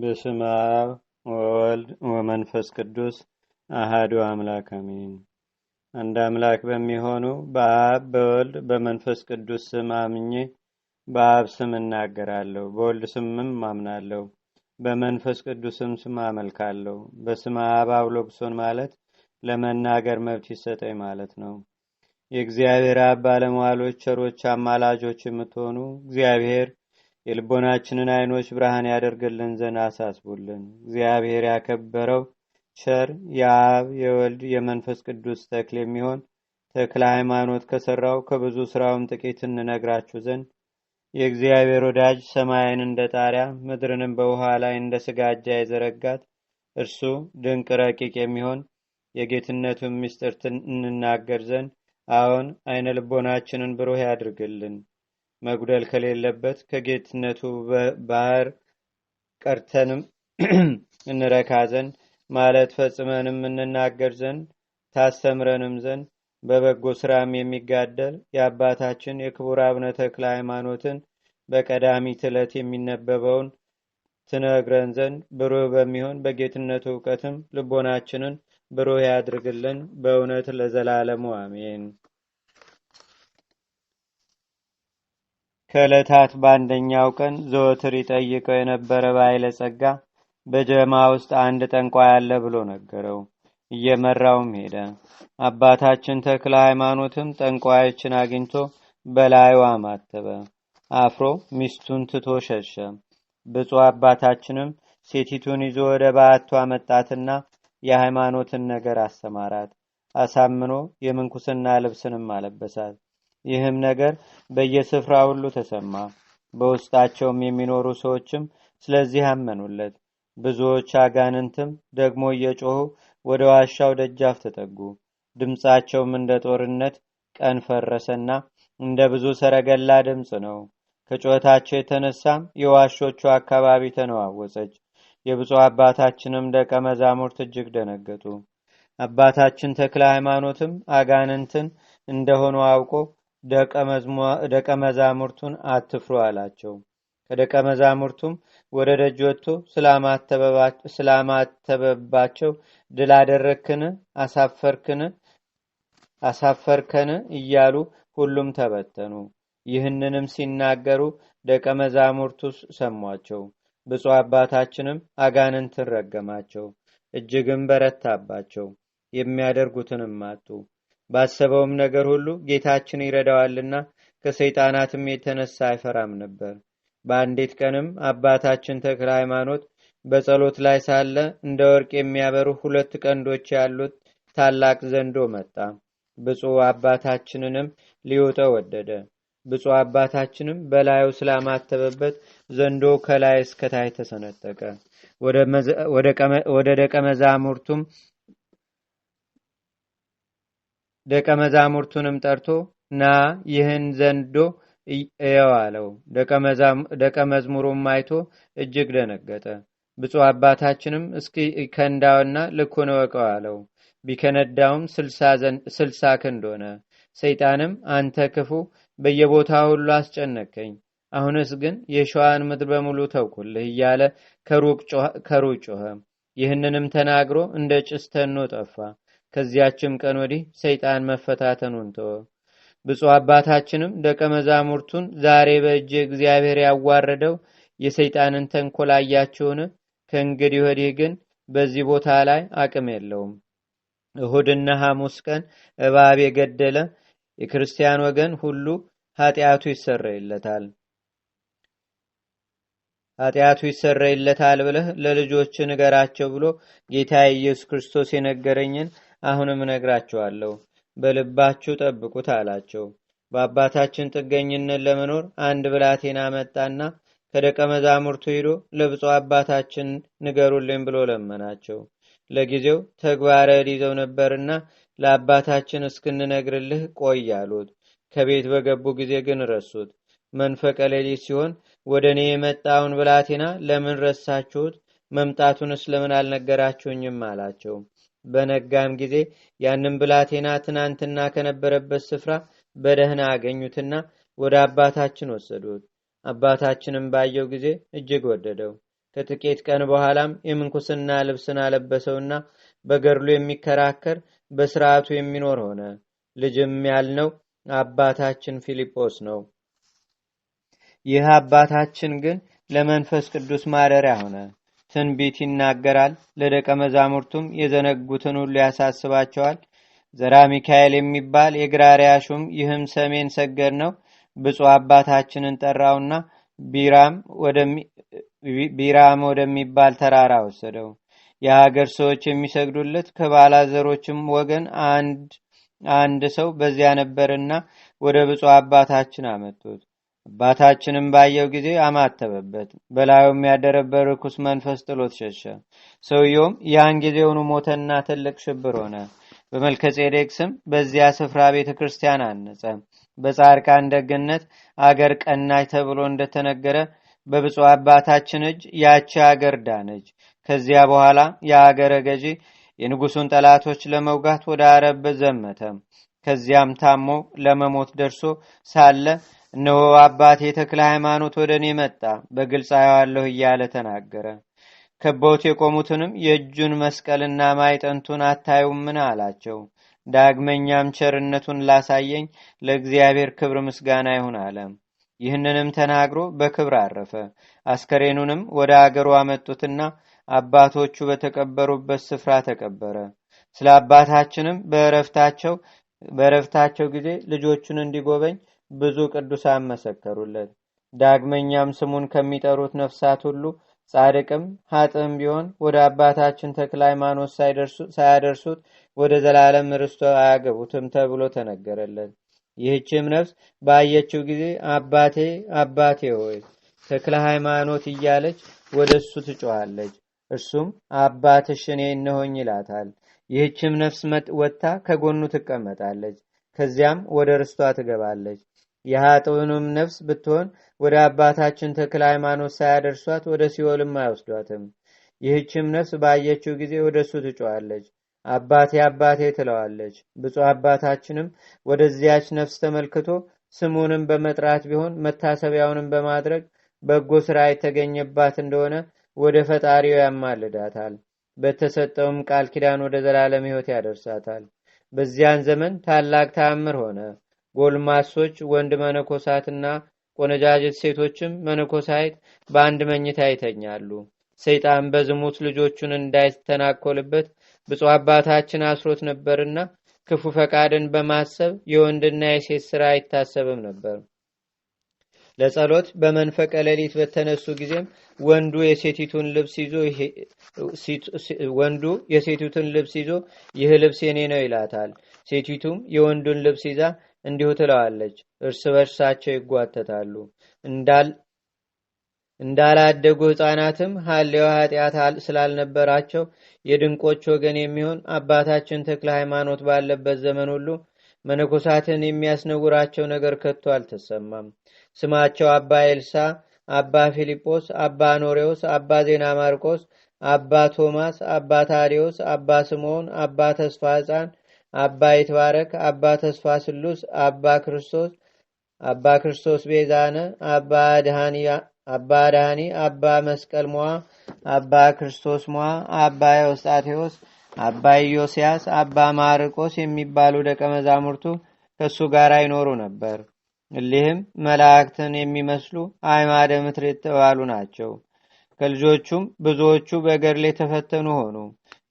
በስም አብ ወወልድ ወመንፈስ ቅዱስ አህዱ አምላክ አሜን። አንድ አምላክ በሚሆኑ በአብ በወልድ በመንፈስ ቅዱስ ስም አምኜ በአብ ስም እናገራለሁ፣ በወልድ ስምም አምናለሁ፣ በመንፈስ ቅዱስም ስም አመልካለሁ። በስም አብ አብሎግሶን ማለት ለመናገር መብት ይሰጠኝ ማለት ነው። የእግዚአብሔር አብ ባለመዋሎች፣ ቸሮች፣ አማላጆች የምትሆኑ እግዚአብሔር የልቦናችንን አይኖች ብርሃን ያደርግልን ዘንድ አሳስቡልን። እግዚአብሔር ያከበረው ቸር የአብ የወልድ የመንፈስ ቅዱስ ተክል የሚሆን ተክለ ሃይማኖት ከሰራው ከብዙ ስራውም ጥቂት እንነግራችሁ ዘንድ የእግዚአብሔር ወዳጅ ሰማይን እንደ ጣሪያ ምድርንም በውሃ ላይ እንደ ስጋጃ የዘረጋት እርሱ ድንቅ ረቂቅ የሚሆን የጌትነቱን ምስጢር እንናገር ዘንድ አሁን አይነ ልቦናችንን ብሩህ ያድርግልን። መጉደል ከሌለበት ከጌትነቱ ባህር ቀርተንም እንረካ ዘንድ ማለት ፈጽመንም እንናገር ዘንድ ታስተምረንም ዘንድ በበጎ ስራም የሚጋደል የአባታችን የክቡር አቡነ ተክለ ሃይማኖትን በቀዳሚ ትለት የሚነበበውን ትነግረን ዘንድ ብሩህ በሚሆን በጌትነቱ እውቀትም ልቦናችንን ብሩህ ያድርግልን በእውነት ለዘላለሙ አሜን። ከዕለታት በአንደኛው ቀን ዘወትር ይጠይቀው የነበረ ጸጋ በጀማ ውስጥ አንድ ጠንቋይ አለ ብሎ ነገረው። እየመራውም ሄደ። አባታችን ተክለ ሃይማኖትም ጠንቋዮችን አግኝቶ በላዩ አማተበ። አፍሮ ሚስቱን ትቶ ሸሸ። ብፁ አባታችንም ሴቲቱን ይዞ ወደ በዓቱ አመጣትና የሃይማኖትን ነገር አሰማራት። አሳምኖ የምንኩስና ልብስንም አለበሳት። ይህም ነገር በየስፍራ ሁሉ ተሰማ። በውስጣቸውም የሚኖሩ ሰዎችም ስለዚህ አመኑለት። ብዙዎች አጋንንትም ደግሞ እየጮሁ ወደ ዋሻው ደጃፍ ተጠጉ። ድምፃቸውም እንደ ጦርነት ቀን ፈረሰና እንደ ብዙ ሰረገላ ድምፅ ነው። ከጩኸታቸው የተነሳም የዋሾቹ አካባቢ ተነዋወጸች። የብፁ አባታችንም ደቀ መዛሙርት እጅግ ደነገጡ። አባታችን ተክለ ሃይማኖትም አጋንንትን እንደሆኑ አውቆ ደቀ መዛሙርቱን አትፍሩ አላቸው። ከደቀ መዛሙርቱም ወደ ደጅ ወጥቶ ስላማተበባቸው ድል አደረክን፣ አሳፈርክን፣ አሳፈርከን እያሉ ሁሉም ተበተኑ። ይህንንም ሲናገሩ ደቀ መዛሙርቱ ሰሟቸው። ብፁዕ አባታችንም አጋንንትን ረገማቸው፣ እጅግም በረታባቸው፣ የሚያደርጉትንም አጡ። ባሰበውም ነገር ሁሉ ጌታችን ይረዳዋልና ከሰይጣናትም የተነሳ አይፈራም ነበር። በአንዲት ቀንም አባታችን ተክለ ሃይማኖት በጸሎት ላይ ሳለ እንደ ወርቅ የሚያበሩ ሁለት ቀንዶች ያሉት ታላቅ ዘንዶ መጣ። ብፁዕ አባታችንንም ሊውጠው ወደደ። ብፁ አባታችንም በላዩ ስላማተበበት ዘንዶ ከላይ እስከታይ ተሰነጠቀ። ወደ ደቀ መዛሙርቱም ደቀ መዛሙርቱንም ጠርቶ ና ይህን ዘንዶ እየው አለው። ደቀ መዝሙሩም አይቶ እጅግ ደነገጠ። ብፁ አባታችንም እስኪ ከንዳውና ልኩን እወቀው አለው። ቢከነዳውም ስልሳ ክንድ ሆነ። ሰይጣንም አንተ ክፉ በየቦታ ሁሉ አስጨነቀኝ፣ አሁንስ ግን የሸዋን ምድር በሙሉ ተውኩልህ እያለ ከሩቅ ጮኸ። ይህንንም ተናግሮ እንደ ጭስ ተኖ ጠፋ። ከዚያችም ቀን ወዲህ ሰይጣን መፈታተኑን ተወ። ብፁዕ አባታችንም ደቀ መዛሙርቱን ዛሬ በእጅ እግዚአብሔር ያዋረደው የሰይጣንን ተንኮል ከእንግዲህ ወዲህ ግን በዚህ ቦታ ላይ አቅም የለውም። እሁድና ሐሙስ ቀን እባብ የገደለ የክርስቲያን ወገን ሁሉ ኃጢአቱ ይሰረይለታል ኃጢአቱ ይሰረይለታል ብለህ ለልጆች ንገራቸው ብሎ ጌታ ኢየሱስ ክርስቶስ የነገረኝን አሁንም እነግራችኋለሁ፣ በልባችሁ ጠብቁት አላቸው። በአባታችን ጥገኝነት ለመኖር አንድ ብላቴና መጣና ከደቀ መዛሙርቱ ሄዶ ለብፁ አባታችን ንገሩልኝ ብሎ ለመናቸው። ለጊዜው ተግባረ ይዘው ነበርና ለአባታችን እስክንነግርልህ ቆይ አሉት። ከቤት በገቡ ጊዜ ግን ረሱት። መንፈቀ ሌሊት ሲሆን ወደ እኔ የመጣውን ብላቴና ለምን ረሳችሁት? መምጣቱንስ ለምን አልነገራችሁኝም? አላቸው። በነጋም ጊዜ ያንም ብላቴና ትናንትና ከነበረበት ስፍራ በደህና አገኙትና ወደ አባታችን ወሰዱት። አባታችንም ባየው ጊዜ እጅግ ወደደው። ከጥቂት ቀን በኋላም የምንኩስና ልብስን አለበሰውና በገድሉ የሚከራከር በስርዓቱ የሚኖር ሆነ። ልጅም ያልነው አባታችን ፊልጶስ ነው። ይህ አባታችን ግን ለመንፈስ ቅዱስ ማደሪያ ሆነ። ትንቢት ይናገራል። ለደቀ መዛሙርቱም የዘነጉትን ሁሉ ያሳስባቸዋል። ዘራ ሚካኤል የሚባል የግራሪያ ሹም ይህም ሰሜን ሰገድ ነው። ብፁ አባታችንን ጠራውና ቢራም ወደሚባል ተራራ ወሰደው። የሀገር ሰዎች የሚሰግዱለት ከባላዘሮችም ወገን አንድ አንድ ሰው በዚያ ነበርና ወደ ብፁ አባታችን አመጡት። አባታችንም ባየው ጊዜ አማተበበት፣ በላዩም ያደረበት ርኩስ መንፈስ ጥሎት ሸሸ። ሰውየውም ያን ጊዜውኑ ሞተና ትልቅ ሽብር ሆነ። በመልከጼዴቅ ስም በዚያ ስፍራ ቤተ ክርስቲያን አነጸ። በጻድቃን ደግነት አገር ቀናች ተብሎ እንደተነገረ በብፁ አባታችን እጅ ያቺ አገር ዳነች። ከዚያ በኋላ የአገረ ገዢ የንጉሱን ጠላቶች ለመውጋት ወደ አረብ ዘመተ። ከዚያም ታሞ ለመሞት ደርሶ ሳለ እነሆ አባቴ የተክለ ሃይማኖት ወደ እኔ መጣ፣ በግልጽ አየዋለሁ እያለ ተናገረ። ከበውት የቆሙትንም የእጁን መስቀልና ማይጠንቱን አታዩምን አላቸው። ዳግመኛም ቸርነቱን ላሳየኝ ለእግዚአብሔር ክብር ምስጋና ይሁን አለ። ይህንንም ተናግሮ በክብር አረፈ። አስከሬኑንም ወደ አገሩ አመጡትና አባቶቹ በተቀበሩበት ስፍራ ተቀበረ። ስለ አባታችንም በእረፍታቸው በረፍታቸው ጊዜ ልጆቹን እንዲጎበኝ ብዙ ቅዱሳን መሰከሩለት። ዳግመኛም ስሙን ከሚጠሩት ነፍሳት ሁሉ ጻድቅም ሀጥም ቢሆን ወደ አባታችን ተክለ ሃይማኖት ሳያደርሱት ወደ ዘላለም ርስቶ አያገቡትም ተብሎ ተነገረለት። ይህችም ነፍስ ባየችው ጊዜ አባቴ አባቴ ሆይ ተክለ ሃይማኖት እያለች ወደ እሱ ትጮኋለች። እርሱም አባትሽ እኔ እነሆኝ ይላታል። ይህችም ነፍስ ወጥታ ከጎኑ ትቀመጣለች፣ ከዚያም ወደ ርስቷ ትገባለች። የኃጥኡንም ነፍስ ብትሆን ወደ አባታችን ተክል ሃይማኖት ሳያደርሷት ወደ ሲኦልም አይወስዷትም። ይህችም ነፍስ ባየችው ጊዜ ወደ እሱ ትጮዋለች፣ አባቴ አባቴ ትለዋለች። ብፁ አባታችንም ወደዚያች ነፍስ ተመልክቶ ስሙንም በመጥራት ቢሆን መታሰቢያውንም በማድረግ በጎ ስራ የተገኘባት እንደሆነ ወደ ፈጣሪው ያማልዳታል። በተሰጠውም ቃል ኪዳን ወደ ዘላለም ሕይወት ያደርሳታል። በዚያን ዘመን ታላቅ ተአምር ሆነ። ጎልማሶች ወንድ መነኮሳትና ቆነጃጀት ሴቶችም መነኮሳይት በአንድ መኝታ ይተኛሉ። ሰይጣን በዝሙት ልጆቹን እንዳይተናኮልበት ብፁዕ አባታችን አስሮት ነበርና ክፉ ፈቃድን በማሰብ የወንድና የሴት ሥራ አይታሰብም ነበር። ለጸሎት በመንፈቀ ሌሊት በተነሱ ጊዜም ወንዱ የሴቲቱን ልብስ ይዞ ወንዱ የሴቲቱን ልብስ ይዞ ይህ ልብስ የኔ ነው ይላታል። ሴቲቱም የወንዱን ልብስ ይዛ እንዲሁ ትለዋለች። እርስ በርሳቸው ይጓተታሉ። እንዳላደጉ ሕፃናትም ሀሌዋ ኃጢአት ስላልነበራቸው የድንቆች ወገን የሚሆን አባታችን ተክለ ሃይማኖት ባለበት ዘመን ሁሉ መነኮሳትን የሚያስነውራቸው ነገር ከቶ አልተሰማም። ስማቸው አባ ኤልሳ፣ አባ ፊልጶስ፣ አባ ኖሬዎስ፣ አባ ዜና ማርቆስ፣ አባ ቶማስ፣ አባ ታዲዮስ፣ አባ ስምዖን፣ አባ ተስፋ ሕፃን፣ አባ ይትባረክ፣ አባ ተስፋ ስሉስ፣ አባ ክርስቶስ፣ አባ ክርስቶስ ቤዛነ፣ አባ አድሃኒ፣ አባ መስቀል ሞዓ፣ አባ ክርስቶስ ሞዓ፣ አባ ኤዎስጣቴዎስ፣ አባ ኢዮስያስ፣ አባ ማርቆስ የሚባሉ ደቀ መዛሙርቱ ከእሱ ጋር ይኖሩ ነበር። እሊህም መላእክትን የሚመስሉ አይማደ ምትር የተባሉ ናቸው። ከልጆቹም ብዙዎቹ ላይ የተፈተኑ ሆኑ።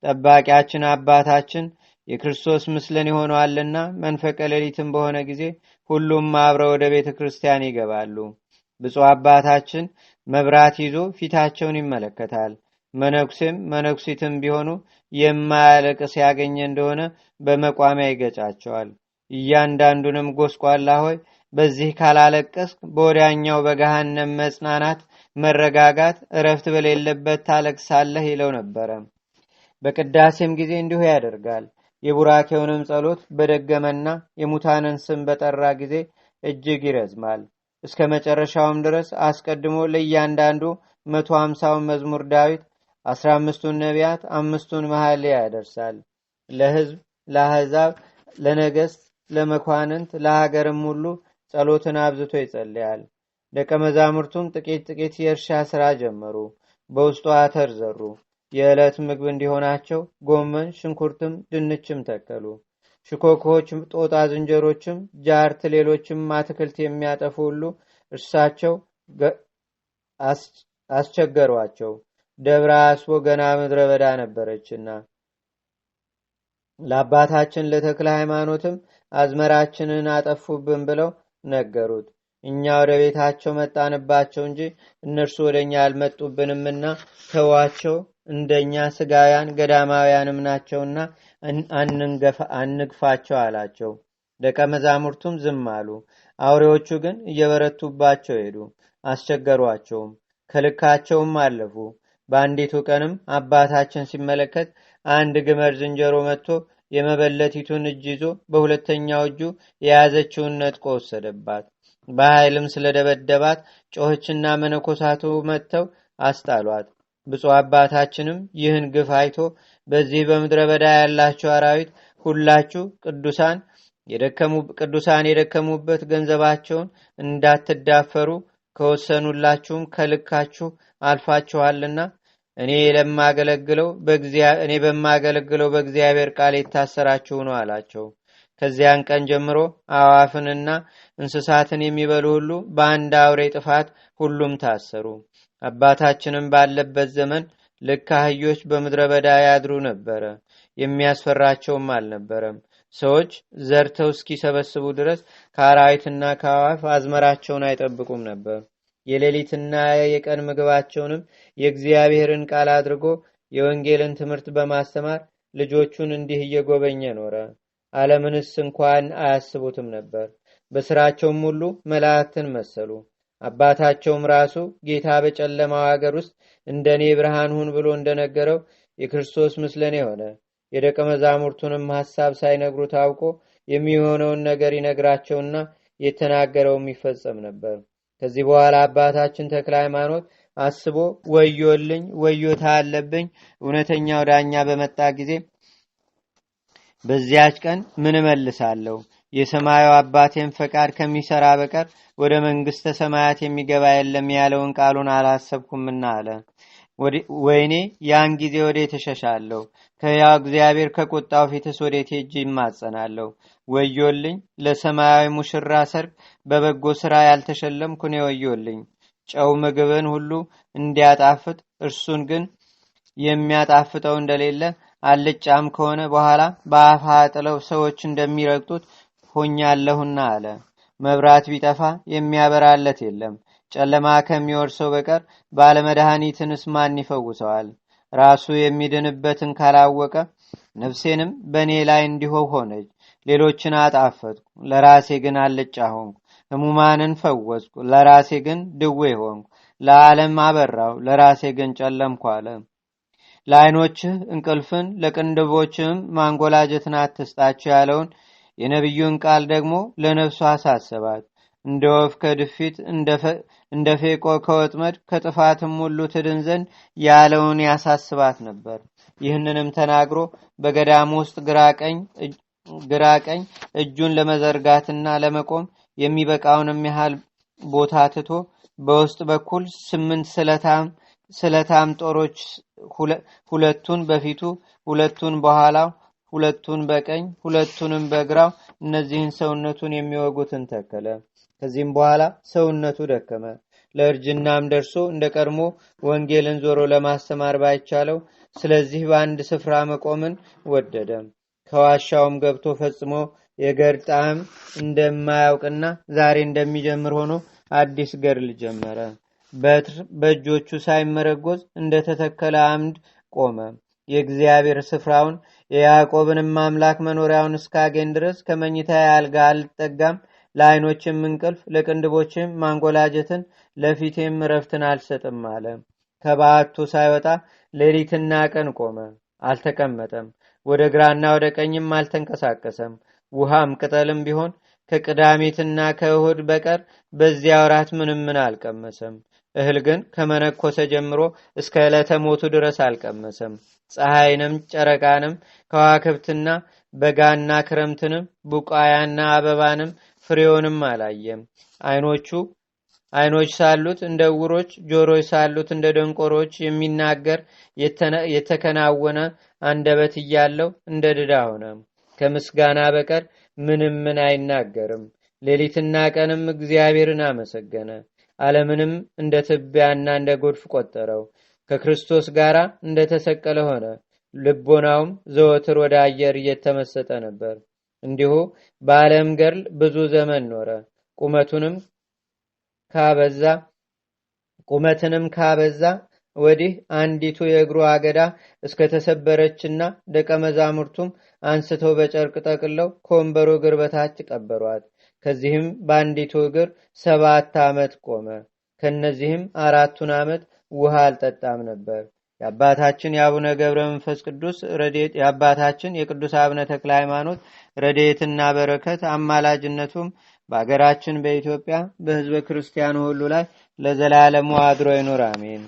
ጠባቂያችን አባታችን የክርስቶስ ምስልን ይሆነዋልና መንፈቀ ሌሊትም በሆነ ጊዜ ሁሉም አብረው ወደ ቤተ ክርስቲያን ይገባሉ። ብፁ አባታችን መብራት ይዞ ፊታቸውን ይመለከታል። መነኩሴም መነኩሲትም ቢሆኑ የማያለቅ ያገኘ እንደሆነ በመቋሚያ ይገጫቸዋል። እያንዳንዱንም ጎስቋላ ሆይ በዚህ ካላለቀስክ በወዲያኛው በገሃነም መጽናናት፣ መረጋጋት፣ እረፍት በሌለበት ታለቅሳለህ ይለው ነበረ። በቅዳሴም ጊዜ እንዲሁ ያደርጋል። የቡራኬውንም ጸሎት በደገመና የሙታንን ስም በጠራ ጊዜ እጅግ ይረዝማል። እስከ መጨረሻውም ድረስ አስቀድሞ ለእያንዳንዱ መቶ ሀምሳውን መዝሙር ዳዊት፣ አስራ አምስቱን ነቢያት፣ አምስቱን መሀል ያደርሳል። ለህዝብ ለአሕዛብ፣ ለነገሥት፣ ለመኳንንት፣ ለሀገርም ሁሉ ጸሎትን አብዝቶ ይጸልያል። ደቀ መዛሙርቱም ጥቂት ጥቂት የእርሻ ሥራ ጀመሩ። በውስጡ አተር ዘሩ። የዕለት ምግብ እንዲሆናቸው ጎመን፣ ሽንኩርትም ድንችም ተከሉ። ሽኮኮዎች፣ ጦጣ ዝንጀሮችም፣ ጃርት፣ ሌሎችም አትክልት የሚያጠፉ ሁሉ እርሳቸው አስቸገሯቸው። ደብረ አስቦ ገና ምድረ በዳ ነበረችና ለአባታችን ለተክለ ሃይማኖትም አዝመራችንን አጠፉብን ብለው ነገሩት። እኛ ወደ ቤታቸው መጣንባቸው እንጂ እነርሱ ወደ እኛ አልመጡብንምና ተዋቸው፣ እንደኛ ስጋውያን ገዳማውያንም ናቸውና አንግፋቸው አላቸው። ደቀ መዛሙርቱም ዝም አሉ። አውሬዎቹ ግን እየበረቱባቸው ሄዱ፣ አስቸገሯቸውም፣ ከልካቸውም አለፉ። በአንዲቱ ቀንም አባታችን ሲመለከት አንድ ግመር ዝንጀሮ መጥቶ የመበለቲቱን እጅ ይዞ በሁለተኛው እጁ የያዘችውን ነጥቆ ወሰደባት። በኃይልም ስለደበደባት ጮኸችና መነኮሳቱ መጥተው አስጣሏት። ብፁዕ አባታችንም ይህን ግፍ አይቶ በዚህ በምድረ በዳ ያላችሁ አራዊት ሁላችሁ ቅዱሳን ቅዱሳን የደከሙበት ገንዘባቸውን እንዳትዳፈሩ ከወሰኑላችሁም ከልካችሁ አልፋችኋልና እኔ ለማገለግለው እኔ በማገለግለው በእግዚአብሔር ቃል የታሰራችሁ ነው አላቸው ከዚያን ቀን ጀምሮ አዋፍንና እንስሳትን የሚበሉ ሁሉ በአንድ አውሬ ጥፋት ሁሉም ታሰሩ አባታችንም ባለበት ዘመን ልክ አህዮች በምድረ በዳ ያድሩ ነበረ የሚያስፈራቸውም አልነበረም ሰዎች ዘርተው እስኪሰበስቡ ድረስ ከአራዊትና ከአዋፍ አዝመራቸውን አይጠብቁም ነበር የሌሊትና የቀን ምግባቸውንም የእግዚአብሔርን ቃል አድርጎ የወንጌልን ትምህርት በማስተማር ልጆቹን እንዲህ እየጎበኘ ኖረ። አለምንስ እንኳን አያስቡትም ነበር። በሥራቸውም ሁሉ መላእክትን መሰሉ። አባታቸውም ራሱ ጌታ በጨለማው አገር ውስጥ እንደ እኔ ብርሃን ሁን ብሎ እንደነገረው የክርስቶስ ምስለኔ ሆነ። የደቀ መዛሙርቱንም ሐሳብ ሳይነግሩ ታውቆ የሚሆነውን ነገር ይነግራቸውና የተናገረውም ይፈጸም ነበር። ከዚህ በኋላ አባታችን ተክለ ሃይማኖት አስቦ ወዮልኝ፣ ወዮታ አለብኝ፣ እውነተኛው ዳኛ በመጣ ጊዜ በዚያች ቀን ምን እመልሳለሁ? የሰማዩ አባቴን ፈቃድ ከሚሰራ በቀር ወደ መንግሥተ ሰማያት የሚገባ የለም ያለውን ቃሉን አላሰብኩምና አለ። ወይኔ ያን ጊዜ ወደ የተሸሻለሁ ከያው እግዚአብሔር ከቁጣው ፊትስ ወዴት ሄጅ ይማጸናለሁ? ወዮልኝ! ለሰማያዊ ሙሽራ ሰርግ በበጎ ሥራ ያልተሸለምኩ ወዮልኝ! ጨው ምግብን ሁሉ እንዲያጣፍጥ እርሱን ግን የሚያጣፍጠው እንደሌለ አልጫም ከሆነ በኋላ በአፋ ጥለው ሰዎች እንደሚረግጡት ሆኛለሁና አለ። መብራት ቢጠፋ የሚያበራለት የለም። ጨለማ ከሚወርሰው በቀር ባለመድኃኒትንስ ማን ይፈውሰዋል? ራሱ የሚድንበትን ካላወቀ ነፍሴንም በእኔ ላይ እንዲሆ ሆነች። ሌሎችን አጣፈጥኩ፣ ለራሴ ግን አልጫ ሆንኩ። ህሙማንን ፈወስኩ፣ ለራሴ ግን ድዌ ሆንኩ። ለዓለም አበራው፣ ለራሴ ግን ጨለምኩ አለ። ለአይኖችህ እንቅልፍን ለቅንድቦችም ማንጎላጀትን አትስጣቸው ያለውን የነቢዩን ቃል ደግሞ ለነፍሱ አሳሰባት። እንደ ወፍ ከድፊት እንደ ፌቆ ከወጥመድ ከጥፋትም ሁሉ ትድን ዘንድ ያለውን ያሳስባት ነበር። ይህንንም ተናግሮ በገዳም ውስጥ ግራ ቀኝ እጁን ለመዘርጋትና ለመቆም የሚበቃውንም ያህል ቦታ ትቶ በውስጥ በኩል ስምንት ስለታም ጦሮች ሁለቱን በፊቱ፣ ሁለቱን በኋላው፣ ሁለቱን በቀኝ፣ ሁለቱንም በግራው እነዚህን ሰውነቱን የሚወጉትን ተከለ። ከዚህም በኋላ ሰውነቱ ደከመ። ለእርጅናም ደርሶ እንደ ቀድሞ ወንጌልን ዞሮ ለማስተማር ባይቻለው ስለዚህ በአንድ ስፍራ መቆምን ወደደ። ከዋሻውም ገብቶ ፈጽሞ የገር ጣዕም እንደማያውቅና ዛሬ እንደሚጀምር ሆኖ አዲስ ገድል ጀመረ። በትር በእጆቹ ሳይመረጎዝ እንደተተከለ አምድ ቆመ። የእግዚአብሔር ስፍራውን የያዕቆብንም አምላክ መኖሪያውን እስካገኝ ድረስ ከመኝታ አልጋ አልጠጋም ለአይኖችም እንቅልፍ፣ ለቅንድቦችም ማንጎላጀትን፣ ለፊቴም እረፍትን አልሰጥም አለ። ከባቱ ሳይወጣ ሌሊትና ቀን ቆመ፣ አልተቀመጠም። ወደ ግራና ወደ ቀኝም አልተንቀሳቀሰም። ውሃም ቅጠልም ቢሆን ከቅዳሜትና ከእሁድ በቀር በዚያ ወራት ምንም ምን አልቀመሰም። እህል ግን ከመነኮሰ ጀምሮ እስከ ዕለተ ሞቱ ድረስ አልቀመሰም። ፀሐይንም ጨረቃንም ከዋክብትና በጋና ክረምትንም ቡቃያና አበባንም ፍሬውንም አላየም። አይኖቹ አይኖች ሳሉት እንደ ውሮች ጆሮች ሳሉት እንደ ደንቆሮች የሚናገር የተከናወነ አንደበት እያለው እንደ ድዳ ሆነ። ከምስጋና በቀር ምንም ምን አይናገርም። ሌሊትና ቀንም እግዚአብሔርን አመሰገነ። አለምንም እንደ ትቢያና እንደ ጎድፍ ቆጠረው። ከክርስቶስ ጋር እንደተሰቀለ ሆነ። ልቦናውም ዘወትር ወደ አየር እየተመሰጠ ነበር። እንዲሁ በዓለም ገርል ብዙ ዘመን ኖረ። ቁመቱንም ካበዛ ቁመትንም ካበዛ ወዲህ አንዲቱ የእግሩ አገዳ እስከተሰበረችና ደቀ መዛሙርቱም አንስተው በጨርቅ ጠቅለው ከወንበሩ እግር በታች ቀበሯት። ከዚህም በአንዲቱ እግር ሰባት ዓመት ቆመ። ከእነዚህም አራቱን ዓመት ውሃ አልጠጣም ነበር። የአባታችን የአቡነ ገብረ መንፈስ ቅዱስ የአባታችን የቅዱስ አብነ ተክለ ሃይማኖት ረድኤትና በረከት አማላጅነቱም በአገራችን በኢትዮጵያ በህዝበ ክርስቲያኑ ሁሉ ላይ ለዘላለሙ አድሮ ይኑር፣ አሜን።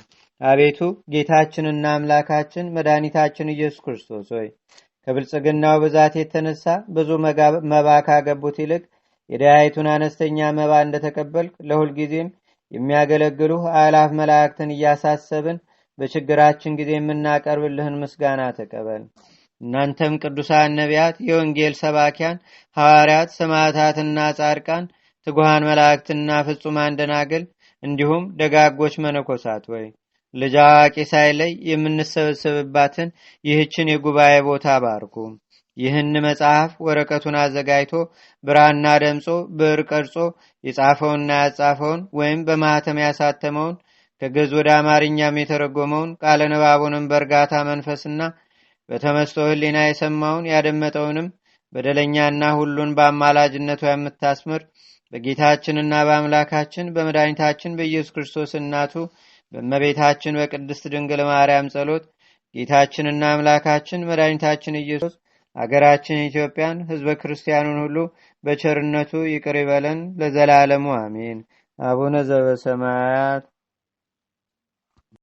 አቤቱ ጌታችንና አምላካችን መድኃኒታችን ኢየሱስ ክርስቶስ ሆይ ከብልጽግናው ብዛት የተነሳ ብዙ መባ ካገቡት ይልቅ የደያይቱን አነስተኛ መባ እንደተቀበልክ ለሁልጊዜም የሚያገለግሉ አላፍ መላእክትን እያሳሰብን በችግራችን ጊዜ የምናቀርብልህን ምስጋና ተቀበል። እናንተም ቅዱሳን ነቢያት፣ የወንጌል ሰባኪያን ሐዋርያት፣ ሰማዕታትና ጻድቃን፣ ትጉሃን መላእክትና ፍጹማን ደናግል እንዲሁም ደጋጎች መነኮሳት ወይ ልጅ አዋቂ ሳይለይ የምንሰበሰብባትን ይህችን የጉባኤ ቦታ ባርኩ። ይህን መጽሐፍ ወረቀቱን አዘጋጅቶ ብራና ደምጾ ብዕር ቀርጾ የጻፈውንና ያጻፈውን ወይም በማኅተም ያሳተመውን ከገዝ ወደ አማርኛም የተረጎመውን ቃለ ንባቡንም በእርጋታ መንፈስና በተመስቶ ህሊና የሰማውን ያደመጠውንም በደለኛና ሁሉን በአማላጅነቷ የምታስምር በጌታችንና በአምላካችን በመድኃኒታችን በኢየሱስ ክርስቶስ እናቱ በመቤታችን በቅድስት ድንግል ማርያም ጸሎት ጌታችንና አምላካችን መድኃኒታችን ኢየሱስ አገራችን ኢትዮጵያን ህዝበ ክርስቲያኑን ሁሉ በቸርነቱ ይቅር ይበለን ለዘላለሙ አሜን። አቡነ ዘበሰማያት